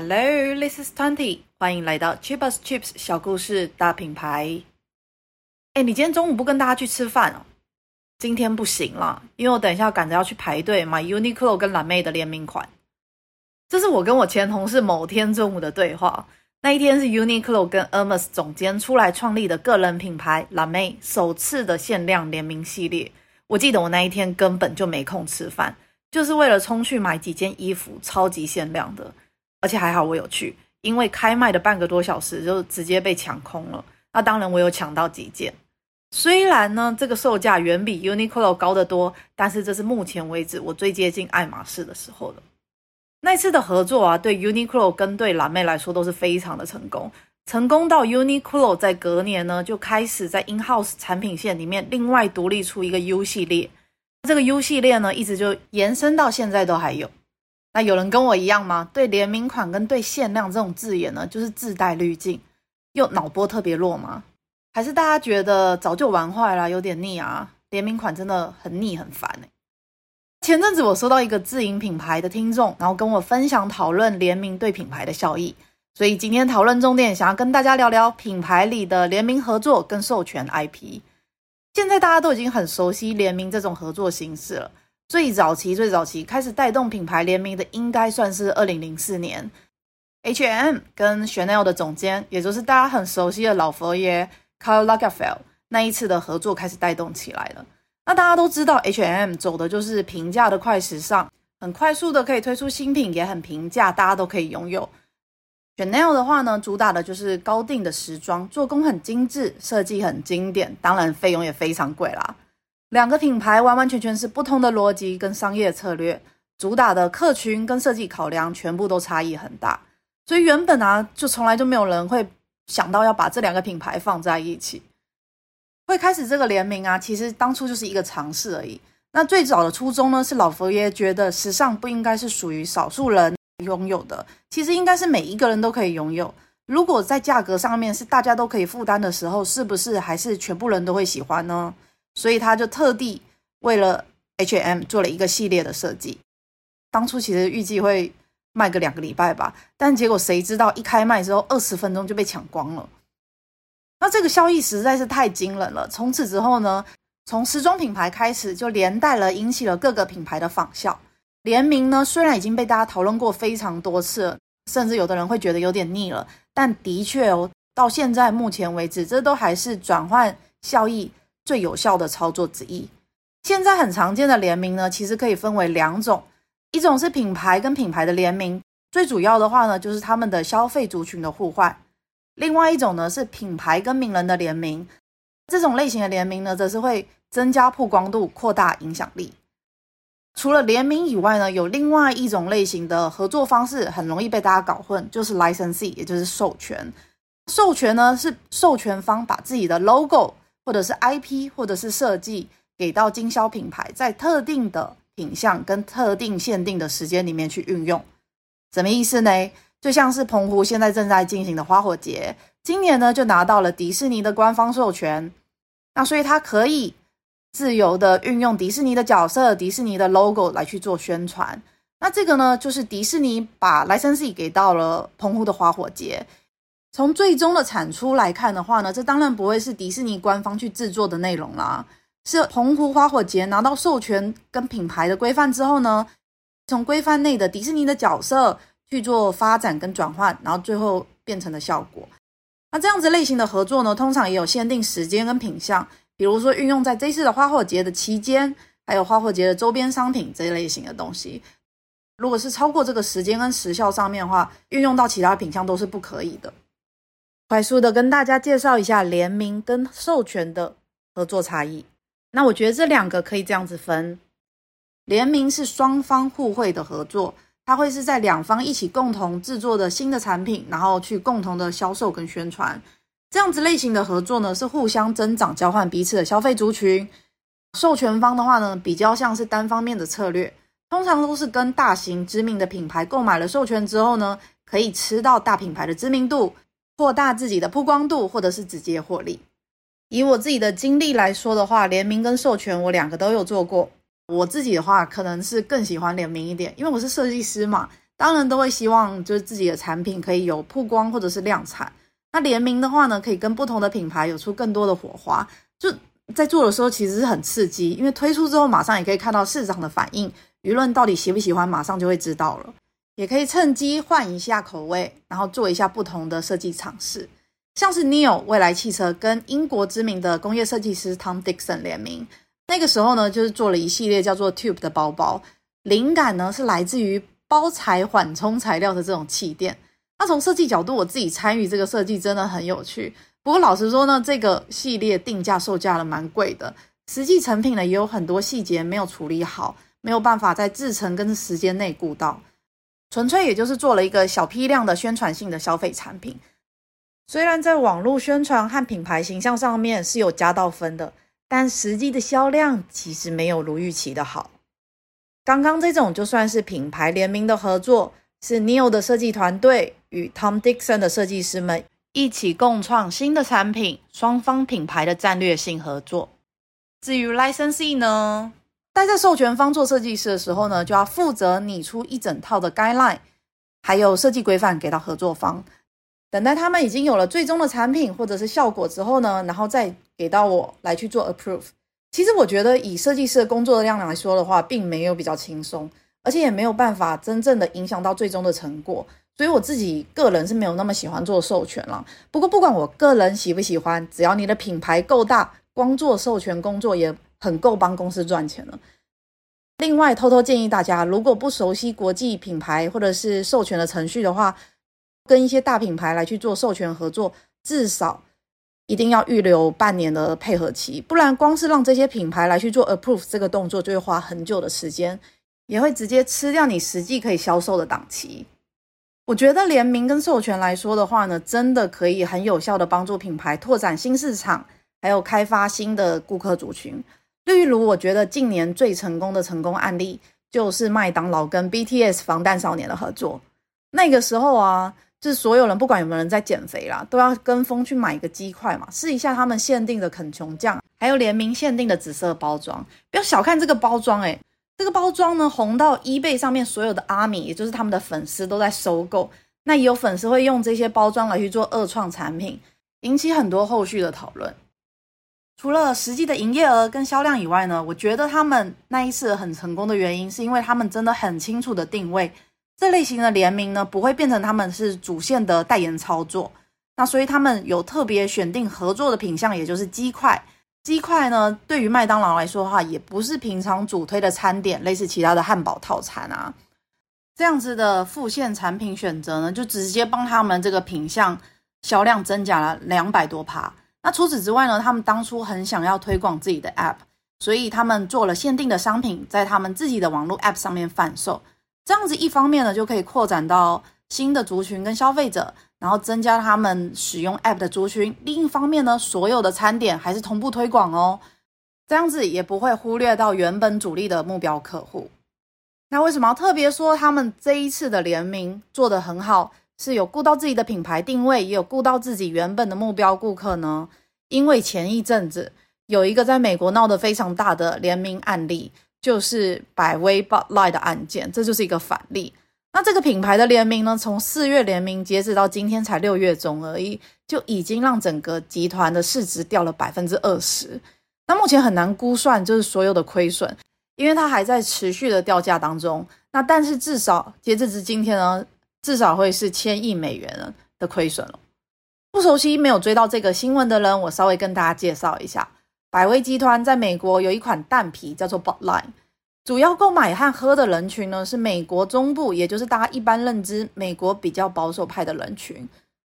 Hello, this is Twenty。歡迎來到 Cheap as Chips 小故事大品牌。誒，你今天中午不跟大家去吃飯哦？今天不行了，因為我等一下趕着要去排隊買 Uniqlo 跟 Lemaire 的聯名款。這是我跟我前同事某天中午的對話。那一天是 Uniqlo 跟 Hermes 總監出來創立的個人品牌 Lemaire 首次的限量聯名系列。我記得我那一天根本就沒空吃飯，就是為了衝去買幾件衣服，超級限量的。而且還好，我有去，因為開賣的半個多小時就直接被搶空了。那當然，我有搶到幾件，雖然呢，這個售價遠比 Uniqlo 高得多，但是這是目前為止我最接近愛馬仕的時候了。那次的合作啊，對 Uniqlo 跟對 Lemaire 來說都是非常的成功，成功到 Uniqlo 在隔年呢就開始在 in-house 產品線裡面另外獨立出一個 U 系列，這個 U 系列呢一直就延伸到現在都還有。那有人跟我一樣嗎？對聯名款跟對限量這種字眼呢，就是自帶濾鏡，又腦波特別弱嗎？還是大家覺得早就玩壞了，有點膩啊？聯名款真的很膩很煩欸。前陣子我收到一個自營品牌的聽眾，然後跟我分享討論聯名對品牌的效益，所以今天討論重點想要跟大家聊聊品牌裡的聯名合作跟授權 IP。現在大家都已經很熟悉聯名這種合作形式了。最早期，最早期開始帶動品牌聯名的，應該算是二零零四年，H&M 跟 Chanel 的總監，也就是大家很熟悉的老佛爺 Karl Lagerfeld 那一次的合作開始帶動起來了。那大家都知道，H&M 走的就是平價的快時尚，很快速的可以推出新品，也很平價，大家都可以擁有。Chanel 的話呢，主打的就是高定的時裝，做工很精緻，設計很經典，當然費用也非常貴啦。兩個品牌完完全全是不同的邏輯跟商業策略，主打的客群跟設計考量，全部都差異很大，所以原本啊就從來就沒有人會想到要把這兩個品牌放在一起，會開始這個聯名啊，其實當初就是一個嘗試而已。那最早的初衷呢，是老佛爺覺得時尚不應該是屬於少數人擁有的，其實應該是每一個人都可以擁有。如果在價格上面是大家都可以負擔的時候，是不是還是全部人都會喜歡呢？所以他就特地為了 H&M 做了一個系列的設計，當初其實預計會賣個兩個禮拜吧，但結果誰知道一開賣之後二十分鐘就被搶光了。那這個效益實在是太驚人了。從此之後呢，從時裝品牌開始，就連帶了引起了各個品牌的仿效。聯名呢，雖然已經被大家討論過非常多次了，甚至有的人會覺得有點膩了，但的確哦，到現在目前為止，這都還是轉換效益，最有效的操作之一。現在很常見的聯名呢，其實可以分為兩種，一種是品牌跟品牌的聯名，最主要的話呢就是他們的消費族群的互換；另外一種呢是品牌跟名人的聯名，這種類型的聯名呢則是會增加曝光度、擴大影響力。除了聯名以外呢，有另外一種類型的合作方式，很容易被大家搞混，就是 licensee，也就是授權。授權呢是授權方把自己的 logo，或者是 IP，或者是設計給到經銷品牌，在特定的品項跟特定限定的時間裡面去運用，什麼意思呢？就像是澎湖現在正在進行的花火節，今年呢就拿到了迪士尼的官方授權，那所以它可以自由的運用迪士尼的角色、迪士尼的 logo 來去做宣傳。那這個呢，就是迪士尼把 licensee 給到了澎湖的花火節。從最終的產出來看的話呢，這當然不會是迪士尼官方去制作的內容啦，是澎湖花火節拿到授權跟品牌的規範之後呢，從規範內的迪士尼的角色去做發展跟轉換，然後最後變成的效果。那這樣子類型的合作呢，通常也有限定時間跟品項，比如說運用在這次的花火節的期間，還有花火節的周邊商品這一類型的東西。如果是超過這個時間跟時效上面的話，運用到其他品項都是不可以的。快速的跟大家介紹一下聯名跟授權的合作差異。那我覺得這兩個可以這樣子分，聯名是雙方互惠的合作，它會是在兩方一起共同製作的新的產品，然後去共同的銷售跟宣傳。這樣子類型的合作呢，是互相增長、交換彼此的消費族群。授權方的話呢，比較像是單方面的策略，通常都是跟大型知名的品牌購買了授權之後呢，可以吃到大品牌的知名度。擴大自己的曝光度，或者是直接獲利。以我自己的經歷來說的話，聯名跟授權我兩個都有做過。我自己的話，可能是更喜歡聯名一點，因為我是設計師嘛。當然都會希望就是自己的產品可以有曝光，或者是量產。那聯名的話呢，可以跟不同的品牌有出更多的火花。就在做的時候，其實是很刺激，因為推出之後馬上也可以看到市場的反應，輿論到底喜不喜歡，馬上就會知道了。也可以趁機換一下口味，然後做一下不同的設計嘗試，像是 NIO 蔚來汽車跟英國知名的工業設計師 Tom Dixon 聯名，那個時候呢，就是做了一系列叫做 Tube 的包包，靈感呢是來自於包材緩衝材料的這種氣墊。那從設計角度，我自己參與這個設計真的很有趣。不過老實說呢，這個系列定價售價呢蠻貴的，實際成品呢也有很多細節沒有處理好，沒有辦法在製程跟時間內顧到。純粹也就是做了一個小批量的宣傳性的消費產品，雖然在網絡宣傳和品牌形象上面是有加到分的，但實際的銷量其實沒有如預期的好。剛剛這種就算是品牌聯名的合作，是 NIO 的設計團隊與 Tom Dixon 的設計師們一起共創新的產品，雙方品牌的戰略性合作。至於 Licensee 呢？在在授權方做設計師的時候呢，就要負責擬出一整套的 guideline，還有設計規範給到合作方。等待他們已經有了最終的產品或者是效果之後呢，然後再給到我來去做 approve。其實我覺得以設計師的工作量來說的話，並沒有比較輕鬆，而且也沒有辦法真正的影響到最終的成果。所以我自己個人是沒有那麼喜歡做授權了。不過不管我個人喜不喜歡，只要你的品牌夠大，光做授權工作也。很夠幫公司賺錢了。另外，偷偷建議大家，如果不熟悉國際品牌或者是授權的程序的話，跟一些大品牌來去做授權合作，至少一定要預留半年的配合期，不然光是讓這些品牌來去做 approve 這個動作，就會花很久的時間，也會直接吃掉你實際可以銷售的檔期。我覺得聯名跟授權來說的話呢，真的可以很有效地幫助品牌拓展新市場，還有開發新的顧客族群。例如，我覺得近年最成功的成功案例就是麥當勞跟 BTS 防彈少年的合作。那個時候啊，就是所有人不管有沒有人在減肥啦，都要跟風去買一個雞塊嘛，試一下他們限定的肯瓊醬，還有聯名限定的紫色包裝。不要小看這個包裝，欸，誒這個包裝呢，紅到 eBay 上面所有的阿米，也就是他們的粉絲都在收購。那也有粉絲會用這些包裝來去做二創產品，引起很多後續的討論。除了實際的營業額跟銷量以外呢，我覺得他們那一次很成功的原因，是因為他們真的很清楚的定位這類型的聯名呢，不會變成他們是主線的代言操作。那所以他們有特別選定合作的品項，也就是雞塊。雞塊呢，對於麥當勞來說的話，也不是平常主推的餐點，類似其他的漢堡套餐啊，這樣子的副線產品選擇呢，就直接幫他們這個品項銷量增加了兩百多趴。那除此之外呢，他們當初很想要推廣自己的 app，所以他們做了限定的商品，在他們自己的網絡 app 上面販售。這樣子一方面呢，就可以擴展到新的族群跟消費者，然後增加他們使用 app 的族群；另一方面呢，所有的餐點還是同步推廣哦，這樣子也不會忽略到原本主力的目標客戶。那為什麼要特別說他們這一次的聯名做得很好？是有顧到自己的品牌定位，也有顧到自己原本的目標顧客呢。因為前一陣子有一個在美國鬧得非常大的聯名案例，就是百威 Bud Light 的案件，這就是一個反例。那這個品牌的聯名呢，從四月聯名截止到今天才六月中而已，就已經讓整個集團的市值掉了百分之二十。那目前很難估算，就是所有的虧損，因為它還在持續的掉價當中。那但是至少截止至今天呢。至少會是千億美元的虧損了。不熟悉、沒有追到這個新聞的人，我稍微跟大家介紹一下：百威集團在美國有一款淡啤叫做 Bud Light，主要購買和喝的人群呢是美國中部，也就是大家一般認知美國比較保守派的人群。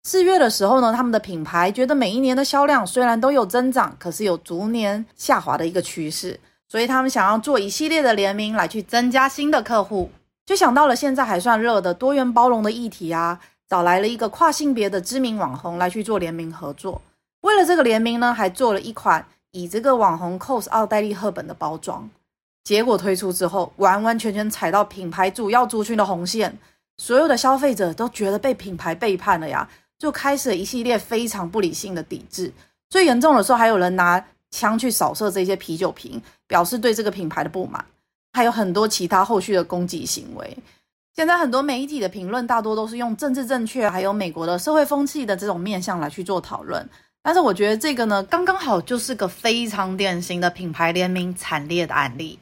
四月的時候呢，他們的品牌覺得每一年的銷量雖然都有增長，可是有逐年下滑的一個趨勢，所以他們想要做一系列的聯名來去增加新的客戶。就想到了現在還算熱的多元包容的議題啊，找來了一個跨性別的知名網紅來去做聯名合作。為了這個聯名呢，還做了一款以這個網紅 cos 奧黛麗·赫本的包裝。結果推出之後，完完全全踩到品牌主要族群的紅線，所有的消費者都覺得被品牌背叛了呀，就開始了一系列非常不理性的抵制。最嚴重的時候，還有人拿槍去掃射這些啤酒瓶，表示對這個品牌的不滿。還有很多其他後續的攻擊行為。現在很多媒體的評論大多都是用政治正確，還有美國的社會風氣的這種面向來去做討論。但是我覺得這個呢，剛剛好就是個非常典型的品牌聯名慘烈的案例，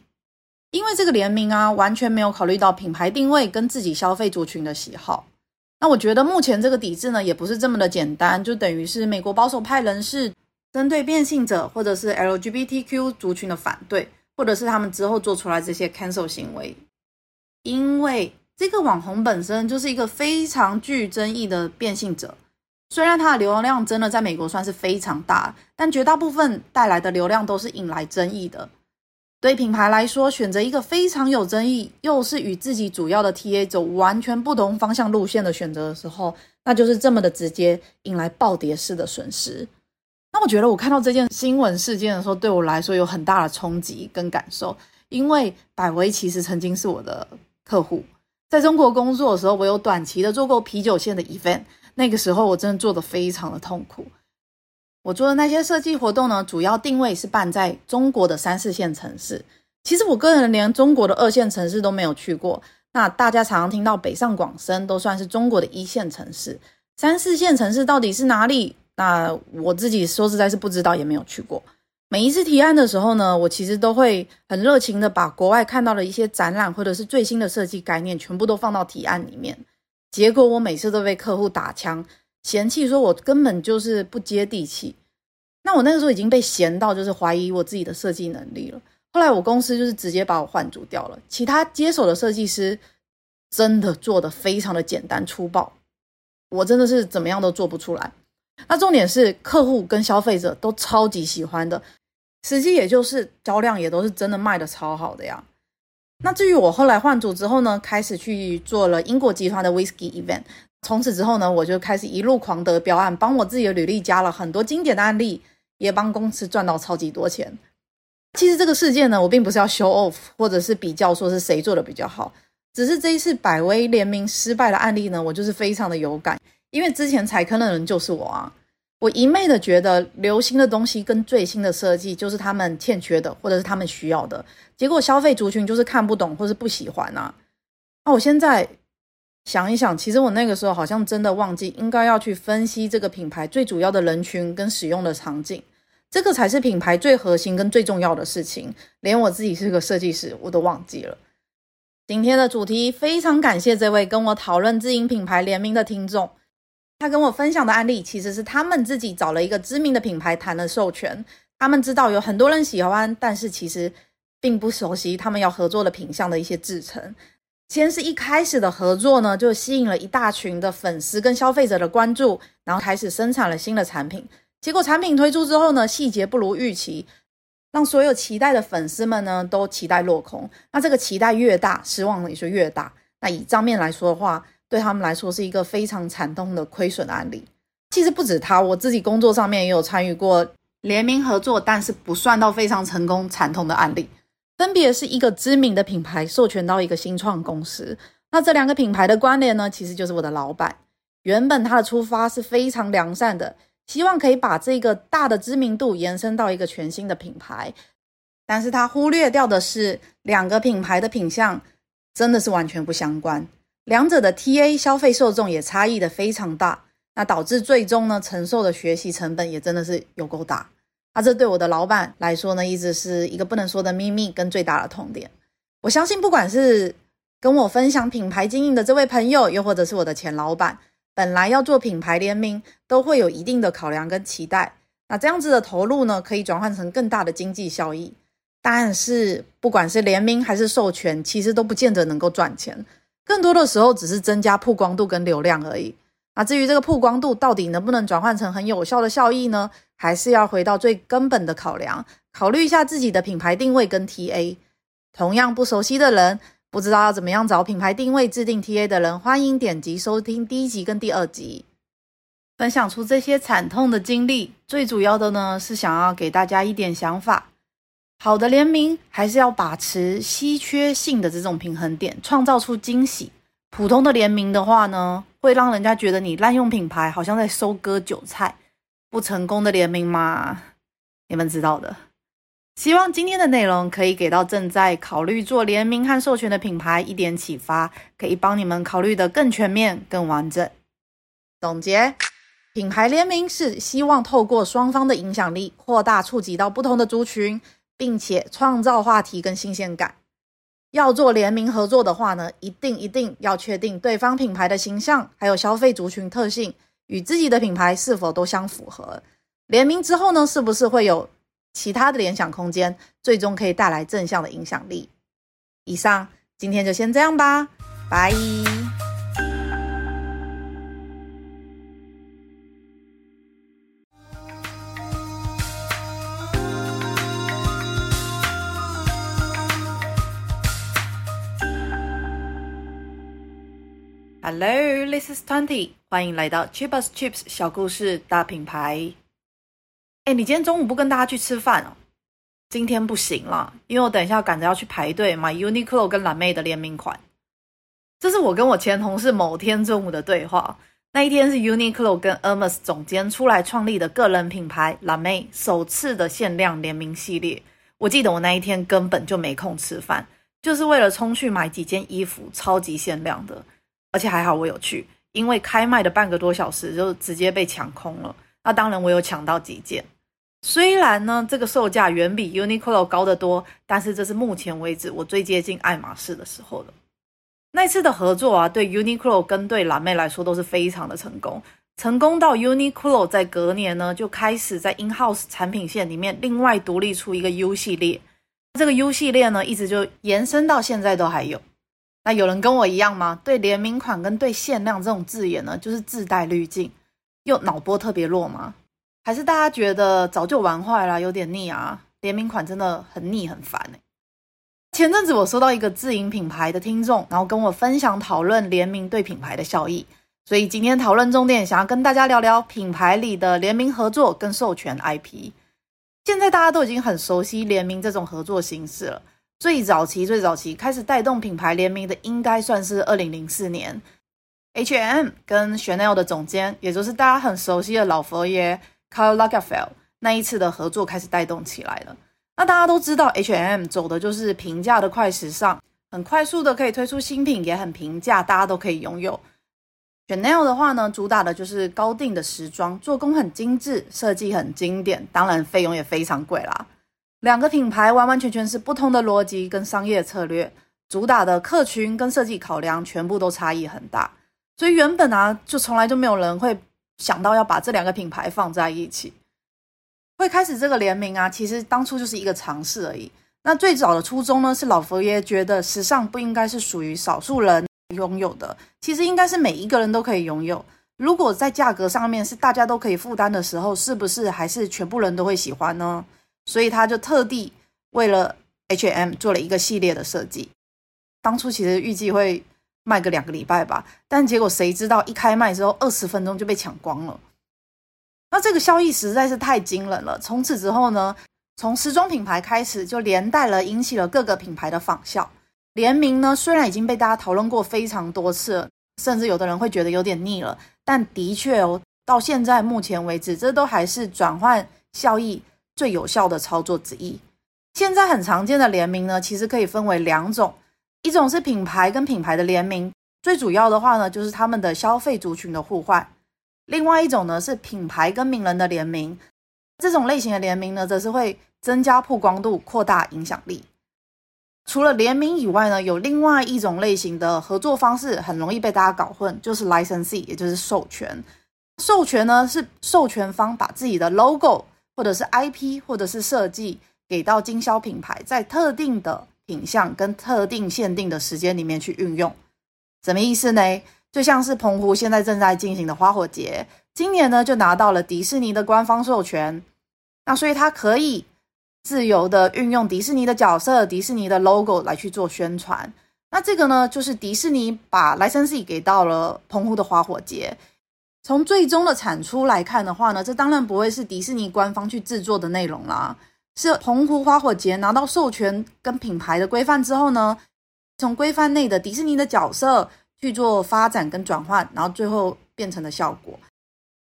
因為這個聯名啊，完全沒有考慮到品牌定位跟自己消費族群的喜好。那我覺得目前這個抵制呢，也不是這麼的簡單，就等於是美國保守派人士針對變性者或者是 LGBTQ 族群的反對。或者是他們之後做出來這些 cancel 行為，因為這個網紅本身就是一個非常具爭議的變性者，雖然他的流量真的在美國算是非常大，但絕大部分帶來的流量都是引來爭議的。對品牌來說，選擇一個非常有爭議，又是與自己主要的 TA 走完全不同方向路線的選擇的時候，那就是這麼的直接引來暴跌式的損失。那我覺得，我看到這件新聞事件的時候，對我來說有很大的衝擊跟感受。因為百威其實曾經是我的客戶，在中國工作的時候，我有短期的做過啤酒線的 event。那個時候，我真的做得非常的痛苦。我做的那些設計活動呢，主要定位是辦在中國的三四線城市。其實，我個人連中國的二線城市都沒有去過。那大家常常聽到北上廣深都算是中國的一線城市，三四線城市到底是哪裡？那我自己說實在是不知道，也沒有去過。每一次提案的時候呢，我其實都會很熱情的把國外看到的一些展覽或者是最新的設計概念全部都放到提案裡面。結果我每次都被客戶打槍，嫌棄說我根本就是不接地氣。那我那個時候已經被嫌到，就是懷疑我自己的設計能力了。後來我公司就是直接把我換組掉了。其他接手的設計師真的做的非常的簡單粗暴，我真的是怎麼樣都做不出來。那重點是客戶跟消費者都超級喜歡的，實際也就是銷量也都是真的賣的超好的呀。那至於我後來換組之後呢，開始去做了英國集團的 Whisky Event，從此之後呢，我就開始一路狂得標案，幫我自己的履歷加了很多經典的案例，也幫公司賺到超級多錢。其實這個事件呢，我並不是要 show off，或者是比較說是誰做的比較好，只是這一次百威聯名失敗的案例呢，我就是非常的有感。因為之前踩坑的人就是我啊，我一昧的覺得流行的東西跟最新的設計就是他們欠缺的，或者是他們需要的，結果消費族群就是看不懂或是不喜歡吶。那我現在想一想，其實我那個時候好像真的忘記應該要去分析這個品牌最主要的人群跟使用的場景，這個才是品牌最核心跟最重要的事情。連我自己是個設計師，我都忘記了。今天的主題非常感謝這位跟我討論自營品牌聯名的聽眾。他跟我分享的案例，其實是他們自己找了一個知名的品牌談了授權。他們知道有很多人喜歡，但是其實並不熟悉他們要合作的品項的一些製程。先是一開始的合作呢，就吸引了一大群的粉絲跟消費者的關注，然後開始生產了新的產品。結果產品推出之後呢，細節不如預期，讓所有期待的粉絲們呢都期待落空。那這個期待越大，失望也就越大。那以賬面來說的話，對他們來說是一個非常慘痛的虧損的案例。其實不止他，我自己工作上面也有參與過聯名合作，但是不算到非常成功慘痛的案例。分別是一個知名的品牌授權到一個新創公司。那這兩個品牌的關聯呢，其實就是我的老板。原本他的出發是非常良善的，希望可以把這個大的知名度延伸到一個全新的品牌。但是他忽略掉的是，兩個品牌的品項真的是完全不相關。兩者的 TA 消費受眾也差異的非常大，那導致最終呢承受的學習成本也真的是有夠大。那這對我的老板來說呢，一直是一個不能說的秘密跟最大的痛點。我相信，不管是跟我分享品牌經營的這位朋友，又或者是我的前老板，本來要做品牌聯名，都會有一定的考量跟期待。那這樣子的投入呢，可以轉換成更大的經濟效益。但是，不管是聯名還是授權，其實都不見得能夠賺錢。更多的時候只是增加曝光度跟流量而已。那、啊、至於這個曝光度到底能不能轉換成很有效的效益呢？還是要回到最根本的考量，考慮一下自己的品牌定位跟 TA。同樣不熟悉的人，不知道要怎麼樣找品牌定位制定 TA 的人，歡迎點擊收聽第一集跟第二集，分享出這些慘痛的經歷。最主要的呢是想要給大家一點想法。好的聯名還是要把持稀缺性的這種平衡點，創造出驚喜。普通的聯名的話呢，會讓人家覺得你濫用品牌，好像在收割韭菜。不成功的聯名嘛，你們知道的。希望今天的內容可以給到正在考慮做聯名和授權的品牌一點啟發，可以幫你們考慮得更全面、更完整。總結：品牌聯名是希望透過雙方的影響力，擴大觸及到不同的族群。並且創造話題跟新鮮感。要做聯名合作的話呢，一定一定要確定對方品牌的形象，還有消費族群特性，與自己的品牌是否都相符合。聯名之後呢，是不是會有其他的聯想空間，最終可以帶來正向的影響力？以上，今天就先這樣吧，拜。Hello, this is Twenty。歡迎來到 Cheap as Chips 小故事大品牌。誒，你今天中午不跟大家去吃飯哦？今天不行了，因為我等一下趕着要去排隊買 Uniqlo 跟藍妹的聯名款。這是我跟我前同事某天中午的對話。那一天是 Uniqlo 跟 Hermes 總監出來創立的個人品牌藍妹首次的限量聯名系列。我記得我那一天根本就沒空吃飯，就是為了衝去買幾件衣服，超級限量的。而且還好，我有去，因為開賣的半個多小時就直接被搶空了。那當然，我有搶到幾件，雖然呢，這個售價遠比 Uniqlo 高得多，但是這是目前為止我最接近愛馬仕的時候了。那次的合作啊，對 Uniqlo 跟對藍妹來說都是非常的成功，成功到 Uniqlo 在隔年呢就開始在 in-house 產品線裡面另外獨立出一個 U 系列，這個 U 系列呢一直就延伸到現在都還有。那有人跟我一樣嗎？對聯名款跟對限量這種字眼呢，就是自帶濾鏡，又腦波特別弱嗎？還是大家覺得早就玩壞了，有點膩啊？聯名款真的很膩很煩欸。前陣子我收到一個自營品牌的聽眾，然後跟我分享討論聯名對品牌的效益，所以今天討論重點想要跟大家聊聊品牌裡的聯名合作跟授權 IP。現在大家都已經很熟悉聯名這種合作形式了。最早期，最早期開始帶動品牌聯名的，應該算是二零零四年，H&M 跟 Chanel 的總監，也就是大家很熟悉的老佛爺 Carlo l a g r f e l l 那一次的合作開始帶動起來了。那大家都知道，H&M 走的就是平價的快時尚，很快速的可以推出新品，也很平價，大家都可以擁有。Chanel 的話呢，主打的就是高定的時裝，做工很精緻，設計很經典，當然費用也非常貴啦。兩個品牌完完全全是不同的邏輯跟商業策略，主打的客群跟設計考量全部都差異很大，所以原本啊就從來就沒有人會想到要把這兩個品牌放在一起，會開始這個聯名啊，其實當初就是一個嘗試而已。那最早的初衷呢，是老佛爺覺得時尚不應該是屬於少數人擁有的，其實應該是每一個人都可以擁有。如果在價格上面是大家都可以負擔的時候，是不是還是全部人都會喜歡呢？所以他就特地為了 H&M 做了一個系列的設計，當初其實預計會賣個兩個禮拜吧，但結果誰知道一開賣之後，二十分鐘就被搶光了。那這個效益實在是太驚人了。從此之後呢，從時裝品牌開始，就連帶了引起了各個品牌的仿效。聯名呢，雖然已經被大家討論過非常多次了，甚至有的人會覺得有點膩了，但的確哦，到現在目前為止，這都還是轉換效益。最有效的操作之一。現在很常見的聯名呢，其實可以分為兩種，一種是品牌跟品牌的聯名，最主要的話呢就是他們的消費族群的互換；另外一種呢是品牌跟名人的聯名，這種類型的聯名呢則是會增加曝光度、擴大影響力。除了聯名以外呢，有另外一種類型的合作方式，很容易被大家搞混，就是 licensing，也就是授權。授權呢是授權方把自己的 logo，或者是 IP，或者是設計給到經銷品牌，在特定的品項跟特定限定的時間裡面去運用，什麼意思呢？就像是澎湖現在正在進行的花火節，今年呢就拿到了迪士尼的官方授權，那所以它可以自由的運用迪士尼的角色、迪士尼的 logo 來去做宣傳。那這個呢，就是迪士尼把 licensee 給到了澎湖的花火節。從最終的產出來看的話呢，這當然不會是迪士尼官方去制作的內容啦，是澎湖花火節拿到授權跟品牌的規範之後呢，從規範內的迪士尼的角色去做發展跟轉換，然後最後變成的效果。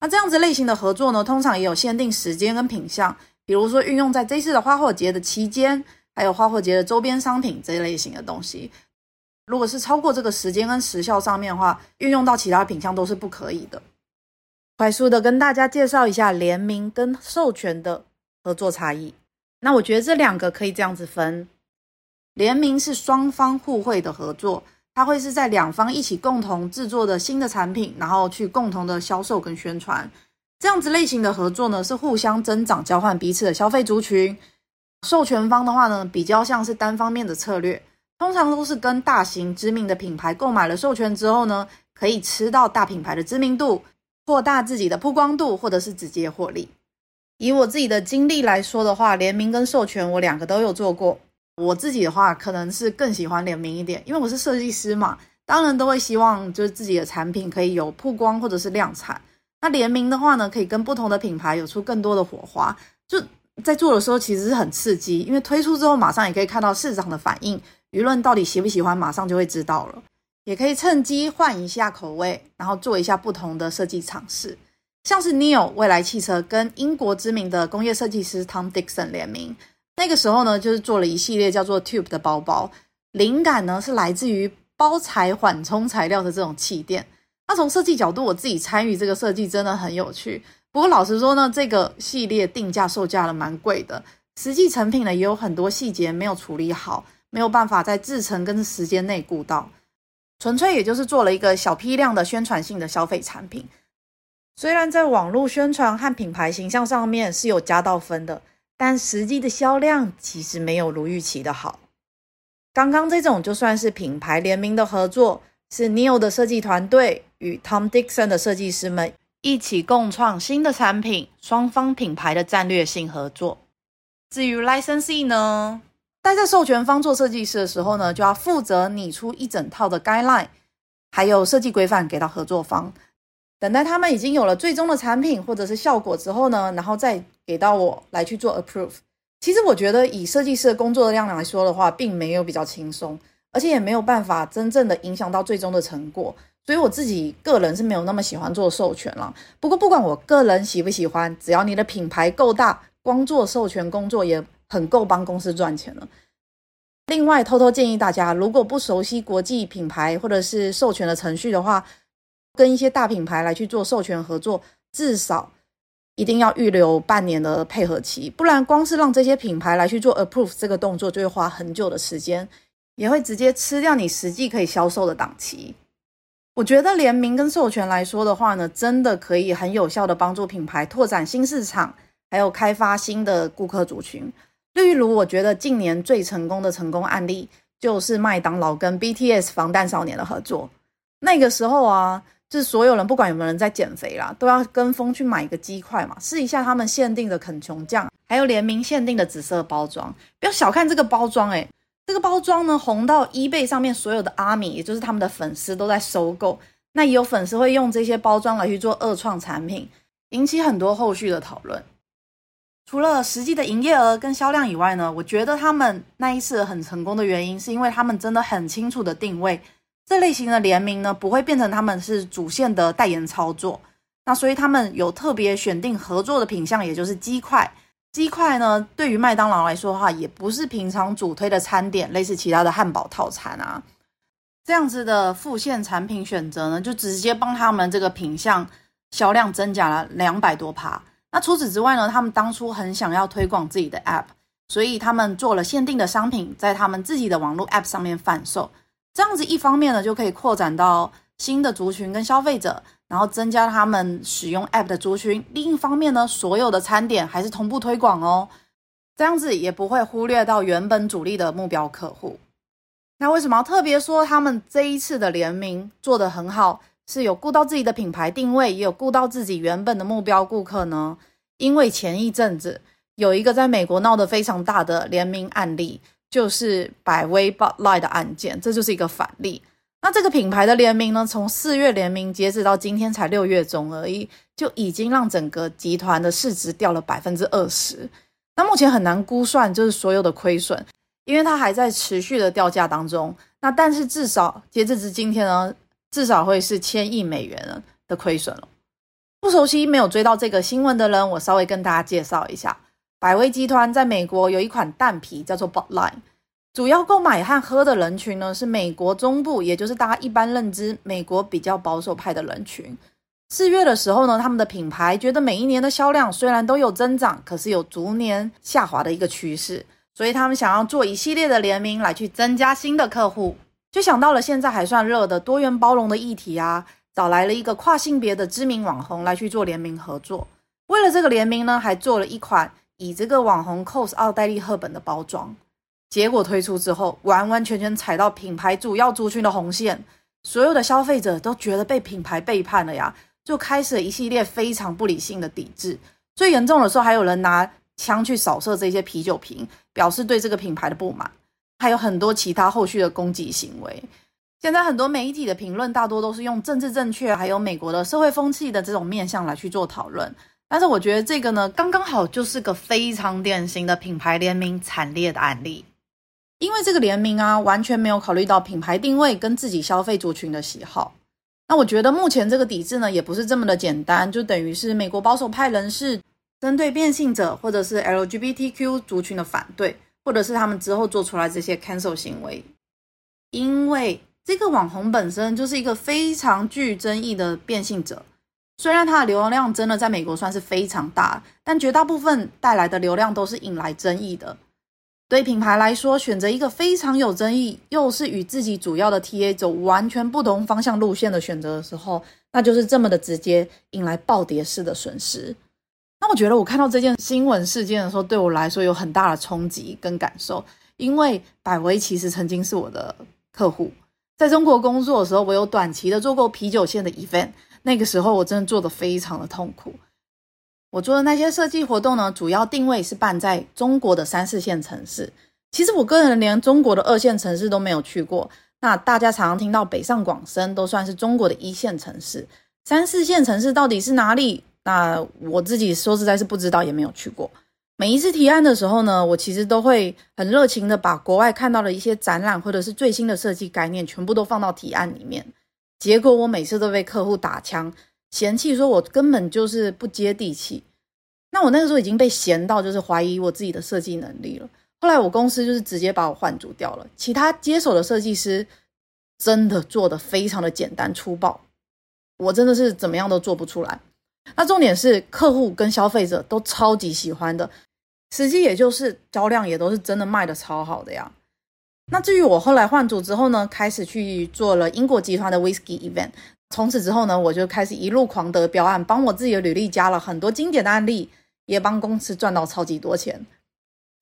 那這樣子類型的合作呢，通常也有限定時間跟品項，比如說運用在這次的花火節的期間，還有花火節的周邊商品這一類型的東西。如果是超過這個時間跟時效上面的話，運用到其他品項都是不可以的。快速的跟大家介紹一下聯名跟授權的合作差異。那我覺得這兩個可以這樣子分：聯名是雙方互惠的合作，它會是在兩方一起共同製作的新的產品，然後去共同的銷售跟宣傳。這樣子類型的合作呢，是互相增長、交換彼此的消費族群。授權方的話呢，比較像是單方面的策略，通常都是跟大型知名的品牌購買了授權之後呢，可以吃到大品牌的知名度。擴大自己的曝光度，或者是直接獲利。以我自己的經歷來說的話，聯名跟授權我兩個都有做過。我自己的話，可能是更喜歡聯名一點，因為我是設計師嘛。當然都會希望就是自己的產品可以有曝光，或者是量產。那聯名的話呢，可以跟不同的品牌有出更多的火花。就在做的時候，其實是很刺激，因為推出之後馬上也可以看到市場的反應，輿論到底喜不喜歡，馬上就會知道了。也可以趁機換一下口味，然後做一下不同的設計嘗試，像是 NIO 未來汽車跟英國知名的工業設計師 Tom Dixon 聯名，那個時候呢，就是做了一系列叫做 Tube 的包包，靈感呢是來自於包材緩衝材料的這種氣墊。那從設計角度，我自己參與這個設計真的很有趣。不過老實說呢，這個系列定價售價了蠻貴的，實際成品呢也有很多細節沒有處理好，沒有辦法在製程跟時間內顧到。純粹也就是做了一個小批量的宣傳性的消費產品，雖然在網絡宣傳和品牌形象上面是有加到分的，但實際的銷量其實沒有如預期的好。剛剛這種就算是品牌聯名的合作，是 NIO 的設計團隊與 Tom Dixon 的設計師們一起共創新的產品，雙方品牌的戰略性合作。至於 Licensee 呢？在在授權方做設計師的時候呢，就要負責擬出一整套的 guideline，還有設計規範給到合作方。等待他們已經有了最終的產品或者是效果之後呢，然後再給到我來去做 approve。其實我覺得以設計師的工作的量來說的話，並沒有比較輕鬆，而且也沒有辦法真正的影響到最終的成果。所以我自己個人是沒有那麼喜歡做授權了。不過不管我個人喜不喜歡，只要你的品牌夠大，光做授權工作也。很夠幫公司賺錢了。另外，偷偷建議大家，如果不熟悉國際品牌或者是授權的程序的話，跟一些大品牌來去做授權合作，至少一定要預留半年的配合期，不然光是讓這些品牌來去做 approve 這個動作，就會花很久的時間，也會直接吃掉你實際可以銷售的檔期。我覺得聯名跟授權來說的話呢，真的可以很有效的幫助品牌拓展新市場，還有開發新的顧客族群。例如，我覺得近年最成功的成功案例就是麥當勞跟 BTS 防彈少年的合作。那個時候啊，就是所有人不管有沒有人在減肥啦，都要跟風去買一個雞塊嘛，試一下他們限定的肯瓊醬，還有聯名限定的紫色包裝。不要小看這個包裝，欸，誒這個包裝呢，紅到 eBay 上面所有的阿米，也就是他們的粉絲都在收購。那也有粉絲會用這些包裝來去做二創產品，引起很多後續的討論。除了實際的營業額跟銷量以外呢，我覺得他們那一次很成功的原因，是因為他們真的很清楚的定位這類型的聯名呢，不會變成他們是主線的代言操作。那所以他們有特別選定合作的品項，也就是雞塊。雞塊呢，對於麥當勞來說的話，也不是平常主推的餐點，類似其他的漢堡套餐啊，這樣子的副線產品選擇呢，就直接幫他們這個品項銷量增加了兩百多趴。那除此之外呢，他們當初很想要推廣自己的 app，所以他們做了限定的商品，在他們自己的網絡 app 上面販售。這樣子一方面呢，就可以擴展到新的族群跟消費者，然後增加他們使用 app 的族群；另一方面呢，所有的餐點還是同步推廣哦，這樣子也不會忽略到原本主力的目標客戶。那為什麼要特別說他們這一次的聯名做得很好？是有顧到自己的品牌定位，也有顧到自己原本的目標顧客呢。因為前一陣子有一個在美國鬧得非常大的聯名案例，就是百威 Bud Light 的案件，這就是一個反例。那這個品牌的聯名呢，從四月聯名截止到今天才六月中而已，就已經讓整個集團的市值掉了百分之二十。那目前很難估算，就是所有的虧損，因為它還在持續的掉價當中。那但是至少截止至今天呢。至少會是千億美元的虧損了。不熟悉沒有追到這個新聞的人，我稍微跟大家介紹一下，百威集團在美國有一款淡啤叫做 Bud Light，主要購買和喝的人群呢是美國中部，也就是大家一般認知美國比較保守派的人群。四月的時候呢，他們的品牌覺得每一年的銷量雖然都有增長，可是有逐年下滑的一個趨勢，所以他們想要做一系列的聯名來去增加新的客戶。就想到了現在還算熱的多元包容的議題啊，找來了一個跨性別的知名網紅來去做聯名合作。為了這個聯名呢，還做了一款以這個網紅 cos 奧黛麗·赫本的包裝。結果推出之後，完完全全踩到品牌主要族群的紅線，所有的消費者都覺得被品牌背叛了呀，就開始了一系列非常不理性的抵制。最嚴重的時候，還有人拿槍去掃射這些啤酒瓶，表示對這個品牌的不滿。還有很多其他後續的攻擊行為。現在很多媒體的評論大多都是用政治正確，還有美國的社會風氣的這種面向來去做討論。但是我覺得這個呢，剛剛好就是個非常典型的品牌聯名慘烈的案例，因為這個聯名啊，完全沒有考慮到品牌定位跟自己消費族群的喜好。那我覺得目前這個抵制呢，也不是這麼的簡單，就等於是美國保守派人士針對變性者或者是 LGBTQ 族群的反對。或者是他們之後做出來這些 cancel 行為，因為這個網紅本身就是一個非常具爭議的變性者，雖然他的流量真的在美國算是非常大，但絕大部分帶來的流量都是引來爭議的。對品牌來說，選擇一個非常有爭議，又是與自己主要的 TA 走完全不同方向路線的選擇的時候，那就是這麼的直接引來暴跌式的損失。那我覺得，我看到這件新聞事件的時候，對我來說有很大的衝擊跟感受。因為百威其實曾經是我的客戶，在中國工作的時候，我有短期的做過啤酒線的 event。那個時候，我真的做得非常的痛苦。我做的那些設計活動呢，主要定位是辦在中國的三四線城市。其實，我個人連中國的二線城市都沒有去過。那大家常常聽到北上廣深，都算是中國的一線城市。三四線城市到底是哪裡？那我自己說實在是不知道，也沒有去過。每一次提案的時候呢，我其實都會很熱情的把國外看到的一些展覽或者是最新的設計概念全部都放到提案裡面。結果我每次都被客戶打槍，嫌棄說我根本就是不接地氣。那我那個時候已經被嫌到，就是懷疑我自己的設計能力了。後來我公司就是直接把我換組掉了。其他接手的設計師真的做得非常的簡單粗暴，我真的是怎麼樣都做不出來。那重點是客戶跟消費者都超級喜歡的，實際也就是銷量也都是真的賣得超好的呀。那至於我後來換組之後呢，開始去做了英國集團的 Whisky event，從此之後呢，我就開始一路狂得標案，幫我自己的履歷加了很多經典的案例，也幫公司賺到超級多錢。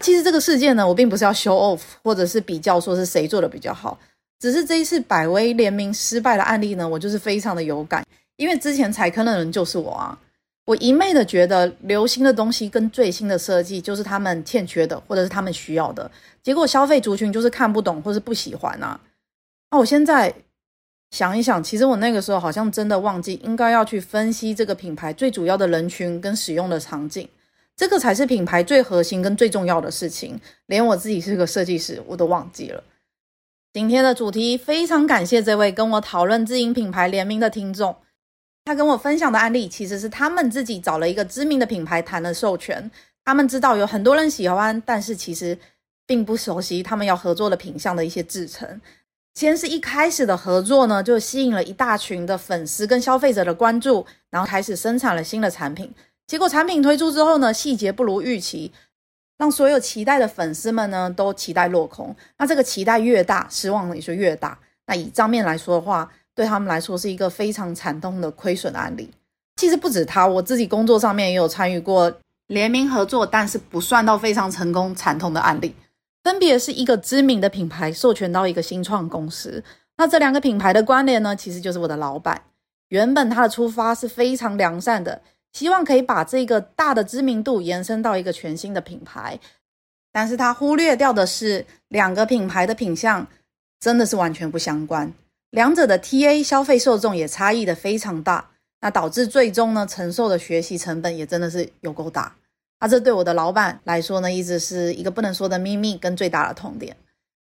其實這個事件呢，我並不是要 show off，或者是比較說是誰做的比較好，只是這一次百威聯名失敗的案例呢，我就是非常的有感。因為之前踩坑的人就是我啊，我一昧的覺得流行的東西跟最新的設計就是他們欠缺的，或者是他們需要的，結果消費族群就是看不懂或是不喜歡啊，啊。那我現在想一想，其實我那個時候好像真的忘記應該要去分析這個品牌最主要的人群跟使用的場景，這個才是品牌最核心跟最重要的事情。連我自己是個設計師，我都忘記了。今天的主題非常感謝這位跟我討論自營品牌聯名的聽眾。他跟我分享的案例，其實是他們自己找了一個知名的品牌談了授權。他們知道有很多人喜歡，但是其實並不熟悉他們要合作的品項的一些製程。先是一開始的合作呢，就吸引了一大群的粉絲跟消費者的關注，然後開始生產了新的產品。結果產品推出之後呢，細節不如預期，讓所有期待的粉絲們呢都期待落空。那這個期待越大，失望也就越大。那以賬面來說的話，對他們來說是一個非常慘痛的虧損的案例。其實不止他，我自己工作上面也有參與過聯名合作，但是不算到非常成功慘痛的案例。分別是一個知名的品牌授權到一個新創公司。那這兩個品牌的關聯呢，其實就是我的老闆。原本他的出發是非常良善的，希望可以把這個大的知名度延伸到一個全新的品牌。但是他忽略掉的是，兩個品牌的品項真的是完全不相關。兩者的 TA 消費受眾也差異的非常大，那導致最終呢承受，的學習成本也真的是有夠大。那這對我的老闆來說呢，一直是一個不能說的秘密跟最大的痛點。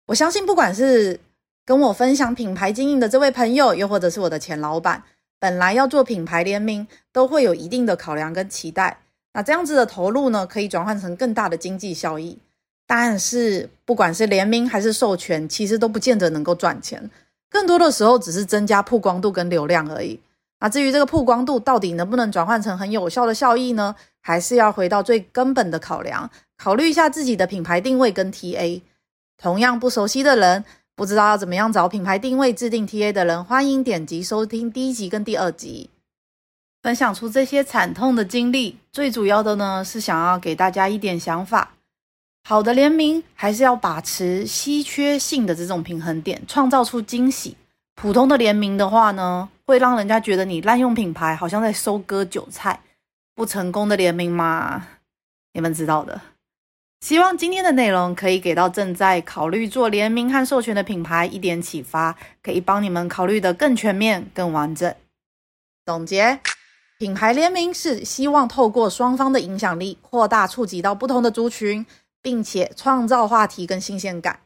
我相信，不管是跟我分享品牌經營的這位朋友，又或者是我的前老闆，本來要做品牌聯名，都會有一定的考量跟期待。那這樣子的投入呢，可以轉換成更大的經濟效益。但是，不管是聯名還是授權，其實都不見得能夠賺錢。更多的時候只是增加曝光度跟流量而已。那、啊、至於這個曝光度到底能不能轉換成很有效的效益呢？還是要回到最根本的考量，考慮一下自己的品牌定位跟 TA。同樣不熟悉的人，不知道要怎麼樣找品牌定位制定 TA 的人，歡迎點擊收聽第一集跟第二集。分享出這些慘痛的經歷，最主要的呢是想要給大家一點想法。好的聯名還是要把持稀缺性的這種平衡點，創造出驚喜。普通的聯名的話呢，會讓人家覺得你濫用品牌，好像在收割韭菜。不成功的聯名嘛，你們知道的。希望今天的內容可以給到正在考慮做聯名和授權的品牌一點啟發，可以幫你們考慮得更全面、更完整。總結：品牌聯名是希望透過雙方的影響力，擴大觸及到不同的族群。並且創造話題跟新鮮感。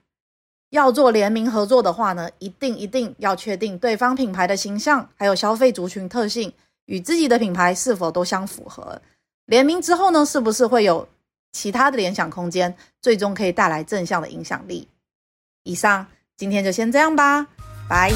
要做聯名合作的話呢，一定一定要確定對方品牌的形象，還有消費族群特性，與自己的品牌是否都相符合。聯名之後呢，是不是會有其他的聯想空間，最終可以帶來正向的影響力？以上，今天就先這樣吧，拜。